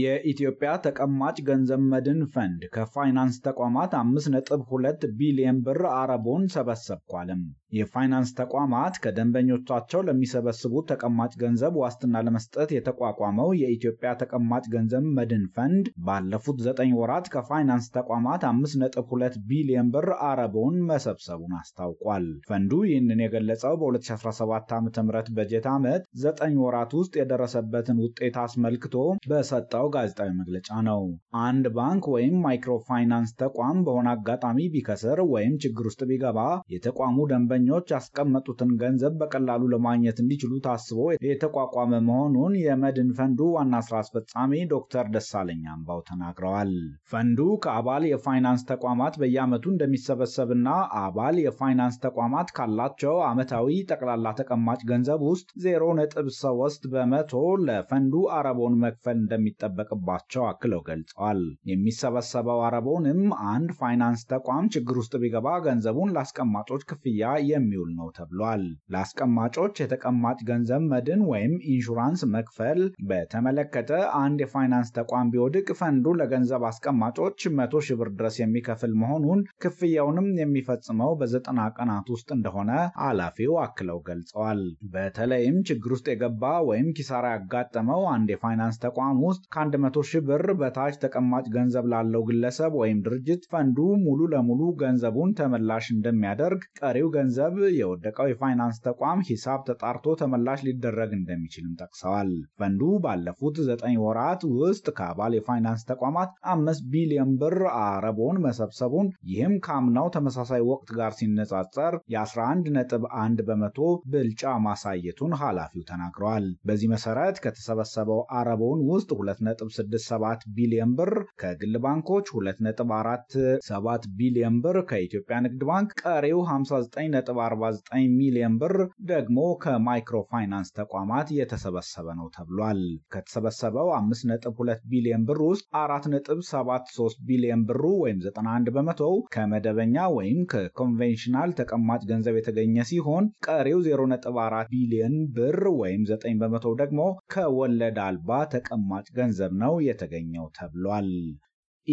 የኢትዮጵያ ተቀማጭ ገንዘብ መድን ፈንድ ከፋይናንስ ተቋማት 5.2 ቢሊዮን ብር አረቦን ሰበሰብኳልም። የፋይናንስ ተቋማት ከደንበኞቻቸው ለሚሰበስቡት ተቀማጭ ገንዘብ ዋስትና ለመስጠት የተቋቋመው የኢትዮጵያ ተቀማጭ ገንዘብ መድን ፈንድ ባለፉት 9 ወራት ከፋይናንስ ተቋማት 5.2 ቢሊዮን ብር አረቦን መሰብሰቡን አስታውቋል። ፈንዱ ይህንን የገለጸው በ2017 ም በጀት ዓመት 9 ወራት ውስጥ የደረሰበትን ውጤት አስመልክቶ በሰጠ ባወጣው ጋዜጣዊ መግለጫ ነው። አንድ ባንክ ወይም ማይክሮፋይናንስ ተቋም በሆነ አጋጣሚ ቢከስር ወይም ችግር ውስጥ ቢገባ የተቋሙ ደንበኞች ያስቀመጡትን ገንዘብ በቀላሉ ለማግኘት እንዲችሉ ታስቦ የተቋቋመ መሆኑን የመድን ፈንዱ ዋና ስራ አስፈጻሚ ዶክተር ደሳለኝ አምባው ተናግረዋል። ፈንዱ ከአባል የፋይናንስ ተቋማት በየዓመቱ እንደሚሰበሰብና አባል የፋይናንስ ተቋማት ካላቸው ዓመታዊ ጠቅላላ ተቀማጭ ገንዘብ ውስጥ 0.3 በመቶ ለፈንዱ አረቦን መክፈል እንደሚጠ እንደሚጠበቅባቸው አክለው ገልጸዋል። የሚሰበሰበው አረቦንም አንድ ፋይናንስ ተቋም ችግር ውስጥ ቢገባ ገንዘቡን ለአስቀማጮች ክፍያ የሚውል ነው ተብሏል። ለአስቀማጮች የተቀማጭ ገንዘብ መድን ወይም ኢንሹራንስ መክፈል በተመለከተ አንድ የፋይናንስ ተቋም ቢወድቅ ፈንዱ ለገንዘብ አስቀማጮች መቶ ሺህ ብር ድረስ የሚከፍል መሆኑን ክፍያውንም የሚፈጽመው በዘጠና ቀናት ውስጥ እንደሆነ ኃላፊው አክለው ገልጸዋል። በተለይም ችግር ውስጥ የገባ ወይም ኪሳራ ያጋጠመው አንድ የፋይናንስ ተቋም ውስጥ ከ100 ሺህ ብር በታች ተቀማጭ ገንዘብ ላለው ግለሰብ ወይም ድርጅት ፈንዱ ሙሉ ለሙሉ ገንዘቡን ተመላሽ እንደሚያደርግ፣ ቀሪው ገንዘብ የወደቀው የፋይናንስ ተቋም ሂሳብ ተጣርቶ ተመላሽ ሊደረግ እንደሚችልም ጠቅሰዋል። ፈንዱ ባለፉት ዘጠኝ ወራት ውስጥ ከአባል የፋይናንስ ተቋማት አምስት ቢሊዮን ብር አረቦን መሰብሰቡን ይህም ከአምናው ተመሳሳይ ወቅት ጋር ሲነጻጸር የ የ11 1 በመቶ ብልጫ ማሳየቱን ኃላፊው ተናግረዋል። በዚህ መሰረት ከተሰበሰበው አረቦን ውስጥ 2.67 ቢሊዮን ብር ከግል ባንኮች 2.47 ቢሊዮን ብር ከኢትዮጵያ ንግድ ባንክ ቀሪው 59.49 ሚሊዮን ብር ደግሞ ከማይክሮ ፋይናንስ ተቋማት የተሰበሰበ ነው ተብሏል። ከተሰበሰበው 5.2 ቢሊዮን ብር ውስጥ 4.73 ቢሊዮን ብሩ ወይም 91 በመቶው ከመደበኛ ወይም ከኮንቬንሽናል ተቀማጭ ገንዘብ የተገኘ ሲሆን ቀሪው 0.4 ቢሊዮን ብር ወይም 9 በመቶው ደግሞ ከወለድ አልባ ተቀማጭ ገንዘብ ገንዘብ ነው የተገኘው ተብሏል።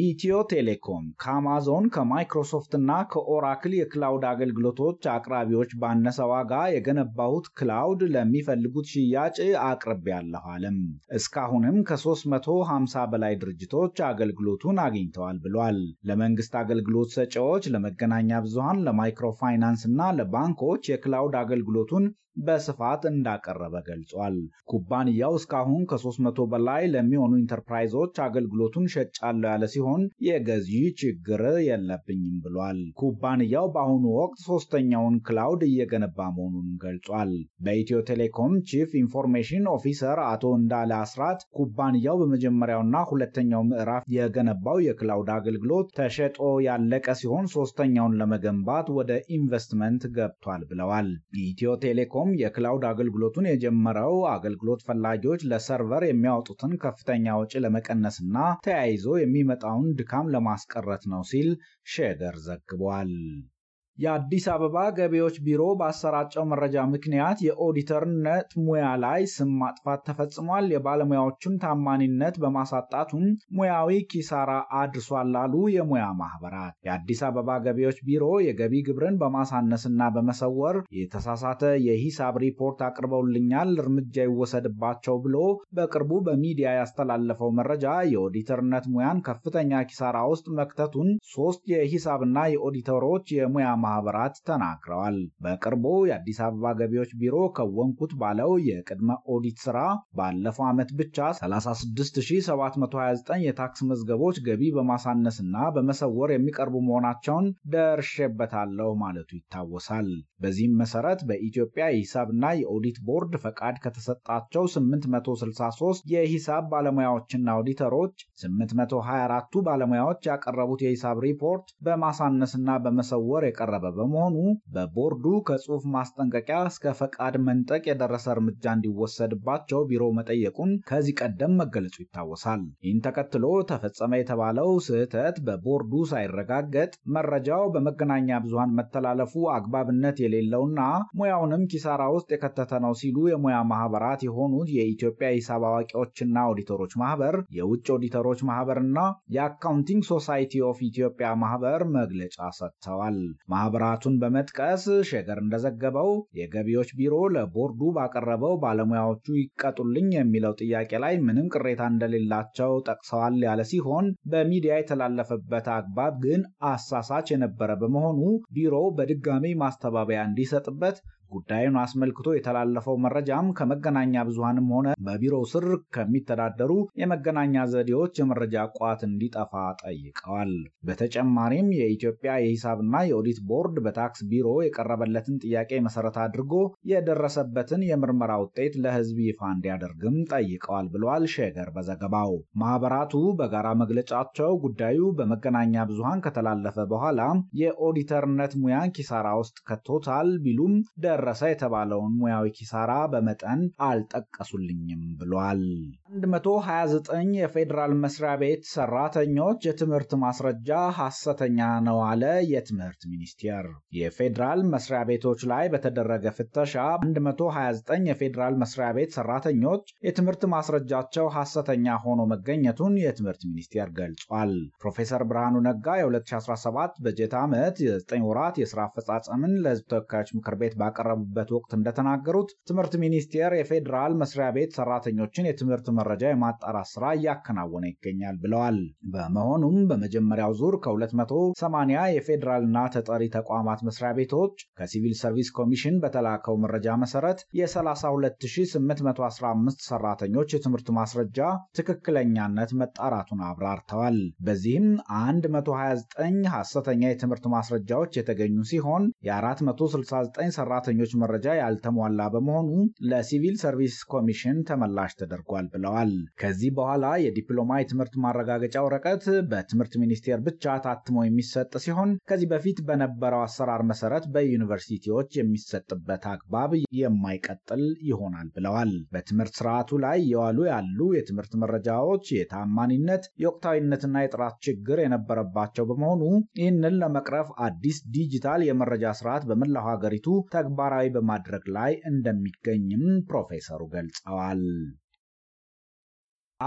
ኢትዮ ቴሌኮም ከአማዞን ከማይክሮሶፍት እና ከኦራክል የክላውድ አገልግሎቶች አቅራቢዎች ባነሰ ዋጋ የገነባሁት ክላውድ ለሚፈልጉት ሽያጭ አቅርቤያለሁ አለም። እስካሁንም ከ350 በላይ ድርጅቶች አገልግሎቱን አግኝተዋል ብሏል። ለመንግስት አገልግሎት ሰጪዎች፣ ለመገናኛ ብዙሃን፣ ለማይክሮፋይናንስ እና ለባንኮች የክላውድ አገልግሎቱን በስፋት እንዳቀረበ ገልጿል። ኩባንያው እስካሁን ከ300 በላይ ለሚሆኑ ኢንተርፕራይዞች አገልግሎቱን ሸጫለሁ ያለ ሲሆን የገዢ ችግር የለብኝም ብሏል። ኩባንያው በአሁኑ ወቅት ሶስተኛውን ክላውድ እየገነባ መሆኑንም ገልጿል። በኢትዮ ቴሌኮም ቺፍ ኢንፎርሜሽን ኦፊሰር አቶ እንዳለ አስራት ኩባንያው በመጀመሪያውና ሁለተኛው ምዕራፍ የገነባው የክላውድ አገልግሎት ተሸጦ ያለቀ ሲሆን ሶስተኛውን ለመገንባት ወደ ኢንቨስትመንት ገብቷል ብለዋል። ኢትዮ ቴሌኮም ቴሌኮም የክላውድ አገልግሎቱን የጀመረው አገልግሎት ፈላጊዎች ለሰርቨር የሚያወጡትን ከፍተኛ ወጪ ለመቀነስና ተያይዞ የሚመጣውን ድካም ለማስቀረት ነው ሲል ሼደር ዘግቧል። የአዲስ አበባ ገቢዎች ቢሮ ባሰራጨው መረጃ ምክንያት የኦዲተርነት ሙያ ላይ ስም ማጥፋት ተፈጽሟል፣ የባለሙያዎቹን ታማኒነት በማሳጣቱም ሙያዊ ኪሳራ አድርሷል ላሉ የሙያ ማህበራት። የአዲስ አበባ ገቢዎች ቢሮ የገቢ ግብርን በማሳነስና በመሰወር የተሳሳተ የሂሳብ ሪፖርት አቅርበውልኛል፣ እርምጃ ይወሰድባቸው ብሎ በቅርቡ በሚዲያ ያስተላለፈው መረጃ የኦዲተርነት ሙያን ከፍተኛ ኪሳራ ውስጥ መክተቱን ሶስት የሂሳብና የኦዲተሮች የሙያ ማህበራት ተናግረዋል። በቅርቡ የአዲስ አበባ ገቢዎች ቢሮ ከወንኩት ባለው የቅድመ ኦዲት ስራ ባለፈው ዓመት ብቻ 36729 የታክስ መዝገቦች ገቢ በማሳነስና በመሰወር የሚቀርቡ መሆናቸውን ደርሼበታለሁ ማለቱ ይታወሳል። በዚህም መሰረት በኢትዮጵያ የሂሳብና የኦዲት ቦርድ ፈቃድ ከተሰጣቸው 863 የሂሳብ ባለሙያዎችና ኦዲተሮች 824ቱ ባለሙያዎች ያቀረቡት የሂሳብ ሪፖርት በማሳነስና በመሰወር የቀረ የቀረበ በመሆኑ በቦርዱ ከጽሑፍ ማስጠንቀቂያ እስከ ፈቃድ መንጠቅ የደረሰ እርምጃ እንዲወሰድባቸው ቢሮው መጠየቁን ከዚህ ቀደም መገለጹ ይታወሳል። ይህን ተከትሎ ተፈጸመ የተባለው ስህተት በቦርዱ ሳይረጋገጥ መረጃው በመገናኛ ብዙሃን መተላለፉ አግባብነት የሌለውና ሙያውንም ኪሳራ ውስጥ የከተተ ነው ሲሉ የሙያ ማህበራት የሆኑት የኢትዮጵያ ሂሳብ አዋቂዎችና ኦዲተሮች ማህበር፣ የውጭ ኦዲተሮች ማህበርና የአካውንቲንግ ሶሳይቲ ኦፍ ኢትዮጵያ ማህበር መግለጫ ሰጥተዋል። ማኅበራቱን በመጥቀስ ሸገር እንደዘገበው የገቢዎች ቢሮ ለቦርዱ ባቀረበው ባለሙያዎቹ ይቀጡልኝ የሚለው ጥያቄ ላይ ምንም ቅሬታ እንደሌላቸው ጠቅሰዋል ያለ ሲሆን በሚዲያ የተላለፈበት አግባብ ግን አሳሳች የነበረ በመሆኑ ቢሮው በድጋሚ ማስተባበያ እንዲሰጥበት ጉዳዩን አስመልክቶ የተላለፈው መረጃም ከመገናኛ ብዙሃንም ሆነ በቢሮው ስር ከሚተዳደሩ የመገናኛ ዘዴዎች የመረጃ ቋት እንዲጠፋ ጠይቀዋል። በተጨማሪም የኢትዮጵያ የሂሳብና የኦዲት ቦርድ በታክስ ቢሮ የቀረበለትን ጥያቄ መሰረት አድርጎ የደረሰበትን የምርመራ ውጤት ለሕዝብ ይፋ እንዲያደርግም ጠይቀዋል ብለዋል ሼገር በዘገባው። ማህበራቱ በጋራ መግለጫቸው ጉዳዩ በመገናኛ ብዙሃን ከተላለፈ በኋላ የኦዲተርነት ሙያን ኪሳራ ውስጥ ከቶታል ቢሉም ደር ደረሰ የተባለውን ሙያዊ ኪሳራ በመጠን አልጠቀሱልኝም ብሏል። 129 የፌዴራል መስሪያ ቤት ሰራተኞች የትምህርት ማስረጃ ሐሰተኛ ነው አለ የትምህርት ሚኒስቴር። የፌዴራል መስሪያ ቤቶች ላይ በተደረገ ፍተሻ 129 የፌዴራል መስሪያ ቤት ሰራተኞች የትምህርት ማስረጃቸው ሐሰተኛ ሆኖ መገኘቱን የትምህርት ሚኒስቴር ገልጿል። ፕሮፌሰር ብርሃኑ ነጋ የ2017 በጀት ዓመት የ9 ወራት የሥራ አፈጻጸምን ለሕዝብ ተወካዮች ምክር ቤት ባቀረ በቀረቡበት ወቅት እንደተናገሩት ትምህርት ሚኒስቴር የፌዴራል መስሪያ ቤት ሰራተኞችን የትምህርት መረጃ የማጣራት ስራ እያከናወነ ይገኛል ብለዋል። በመሆኑም በመጀመሪያው ዙር ከ280 የፌዴራልና ተጠሪ ተቋማት መስሪያ ቤቶች ከሲቪል ሰርቪስ ኮሚሽን በተላከው መረጃ መሰረት የ32815 ሰራተኞች የትምህርት ማስረጃ ትክክለኛነት መጣራቱን አብራርተዋል። በዚህም 129 ሐሰተኛ የትምህርት ማስረጃዎች የተገኙ ሲሆን የ469 ሰራተኞች የሰራተኞች መረጃ ያልተሟላ በመሆኑ ለሲቪል ሰርቪስ ኮሚሽን ተመላሽ ተደርጓል ብለዋል። ከዚህ በኋላ የዲፕሎማ የትምህርት ማረጋገጫ ወረቀት በትምህርት ሚኒስቴር ብቻ ታትሞ የሚሰጥ ሲሆን ከዚህ በፊት በነበረው አሰራር መሰረት በዩኒቨርሲቲዎች የሚሰጥበት አግባብ የማይቀጥል ይሆናል ብለዋል። በትምህርት ስርዓቱ ላይ እየዋሉ ያሉ የትምህርት መረጃዎች የታማኒነት የወቅታዊነትና የጥራት ችግር የነበረባቸው በመሆኑ ይህንን ለመቅረፍ አዲስ ዲጂታል የመረጃ ስርዓት በመላው ሀገሪቱ ተግባር ተግባራዊ በማድረግ ላይ እንደሚገኝም ፕሮፌሰሩ ገልጸዋል።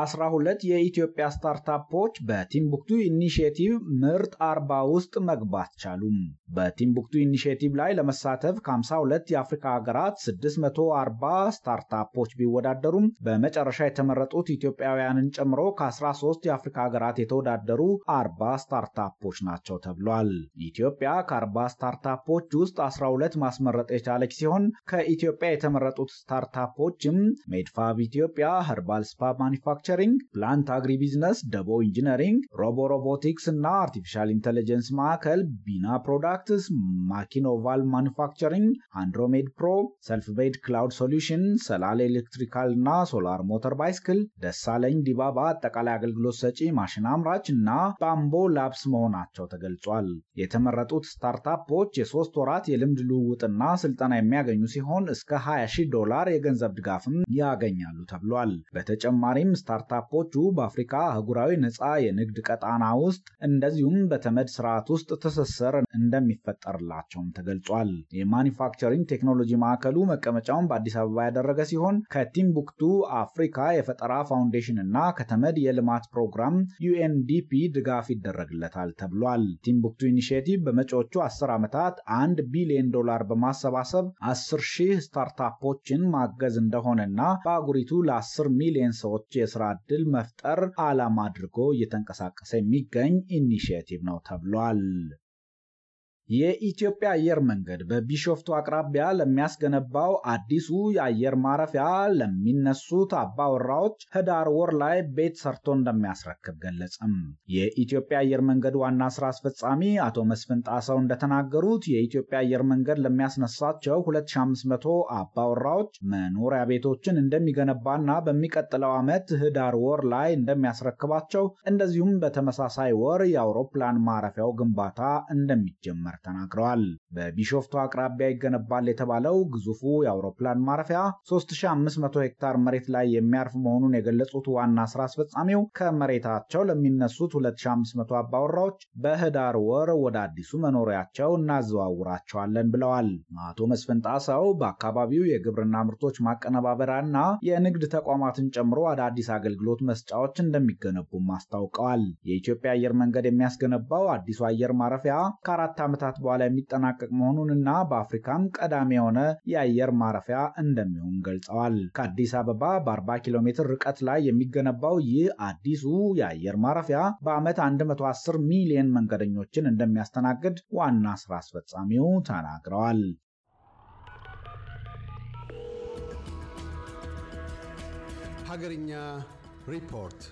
አስራ ሁለት የኢትዮጵያ ስታርታፖች በቲምቡክቱ ኢኒሽቲቭ ምርጥ አርባ ውስጥ መግባት ቻሉም። በቲምቡክቱ ኢኒሽቲቭ ላይ ለመሳተፍ ከ52 የአፍሪካ ሀገራት 640 ስታርታፖች ቢወዳደሩም በመጨረሻ የተመረጡት ኢትዮጵያውያንን ጨምሮ ከ13 የአፍሪካ ሀገራት የተወዳደሩ 40 ስታርታፖች ናቸው ተብሏል። ኢትዮጵያ ከ40 ስታርታፖች ውስጥ 12 ማስመረጥ የቻለች ሲሆን ከኢትዮጵያ የተመረጡት ስታርታፖችም ሜድፋብ ኢትዮጵያ፣ ኸርባል ስፓ ማኒፋክ ማኑፋክቸሪንግ፣ ፕላንት አግሪ ቢዝነስ፣ ደቦ ኢንጂነሪንግ፣ ሮቦ ሮቦቲክስ እና አርቲፊሻል ኢንቴሊጀንስ ማዕከል፣ ቢና ፕሮዳክትስ፣ ማኪኖቫል ማኑፋክቸሪንግ፣ አንድሮሜድ ፕሮ፣ ሰልፍ ቤድ ክላውድ ሶሉሽን፣ ሰላሌ ኤሌክትሪካል እና ሶላር ሞተር ባይስክል፣ ደሳለኝ ዲባባ አጠቃላይ አገልግሎት ሰጪ ማሽን አምራች እና ባምቦ ላብስ መሆናቸው ተገልጿል። የተመረጡት ስታርታፖች የሶስት ወራት የልምድ ልውውጥና ስልጠና የሚያገኙ ሲሆን እስከ 20 ሺህ ዶላር የገንዘብ ድጋፍም ያገኛሉ ተብሏል። በተጨማሪም ስታ ስታርታፖቹ በአፍሪካ አህጉራዊ ነፃ የንግድ ቀጣና ውስጥ እንደዚሁም በተመድ ስርዓት ውስጥ ትስስር እንደሚፈጠርላቸውም ተገልጿል። የማኒፋክቸሪንግ ቴክኖሎጂ ማዕከሉ መቀመጫውን በአዲስ አበባ ያደረገ ሲሆን ከቲምቡክቱ አፍሪካ የፈጠራ ፋውንዴሽን እና ከተመድ የልማት ፕሮግራም ዩኤንዲፒ ድጋፍ ይደረግለታል ተብሏል። ቲምቡክቱ ኢኒሽቲቭ በመጪዎቹ 10 ዓመታት አንድ ቢሊዮን ዶላር በማሰባሰብ አስር ሺህ ስታርታፖችን ማገዝ እንደሆነና በአጉሪቱ ለ10 ሚሊዮን ሰዎች የስራ የስራ እድል መፍጠር ዓላማ አድርጎ እየተንቀሳቀሰ የሚገኝ ኢኒሽቲቭ ነው ተብሏል። የኢትዮጵያ አየር መንገድ በቢሾፍቱ አቅራቢያ ለሚያስገነባው አዲሱ የአየር ማረፊያ ለሚነሱት አባወራዎች ህዳር ወር ላይ ቤት ሰርቶ እንደሚያስረክብ ገለጽም። የኢትዮጵያ አየር መንገድ ዋና ስራ አስፈጻሚ አቶ መስፍን ጣሰው እንደተናገሩት የኢትዮጵያ አየር መንገድ ለሚያስነሳቸው 2500 አባወራዎች መኖሪያ ቤቶችን እንደሚገነባና በሚቀጥለው ዓመት ህዳር ወር ላይ እንደሚያስረክባቸው፣ እንደዚሁም በተመሳሳይ ወር የአውሮፕላን ማረፊያው ግንባታ እንደሚጀመር ለኢቲአር ተናግረዋል። በቢሾፍቱ አቅራቢያ ይገነባል የተባለው ግዙፉ የአውሮፕላን ማረፊያ 3500 ሄክታር መሬት ላይ የሚያርፍ መሆኑን የገለጹት ዋና ስራ አስፈጻሚው ከመሬታቸው ለሚነሱት 2500 አባወራዎች በህዳር ወር ወደ አዲሱ መኖሪያቸው እናዘዋውራቸዋለን ብለዋል። አቶ መስፍን ጣሰው በአካባቢው የግብርና ምርቶች ማቀነባበሪያና የንግድ ተቋማትን ጨምሮ አዳዲስ አገልግሎት መስጫዎች እንደሚገነቡም አስታውቀዋል። የኢትዮጵያ አየር መንገድ የሚያስገነባው አዲሱ አየር ማረፊያ ከአራት ዓመታት ዓመታት በኋላ የሚጠናቀቅ መሆኑንና በአፍሪካም ቀዳሚ የሆነ የአየር ማረፊያ እንደሚሆን ገልጸዋል። ከአዲስ አበባ በ40 ኪሎ ሜትር ርቀት ላይ የሚገነባው ይህ አዲሱ የአየር ማረፊያ በዓመት 110 ሚሊዮን መንገደኞችን እንደሚያስተናግድ ዋና ስራ አስፈጻሚው ተናግረዋል። ሀገርኛ ሪፖርት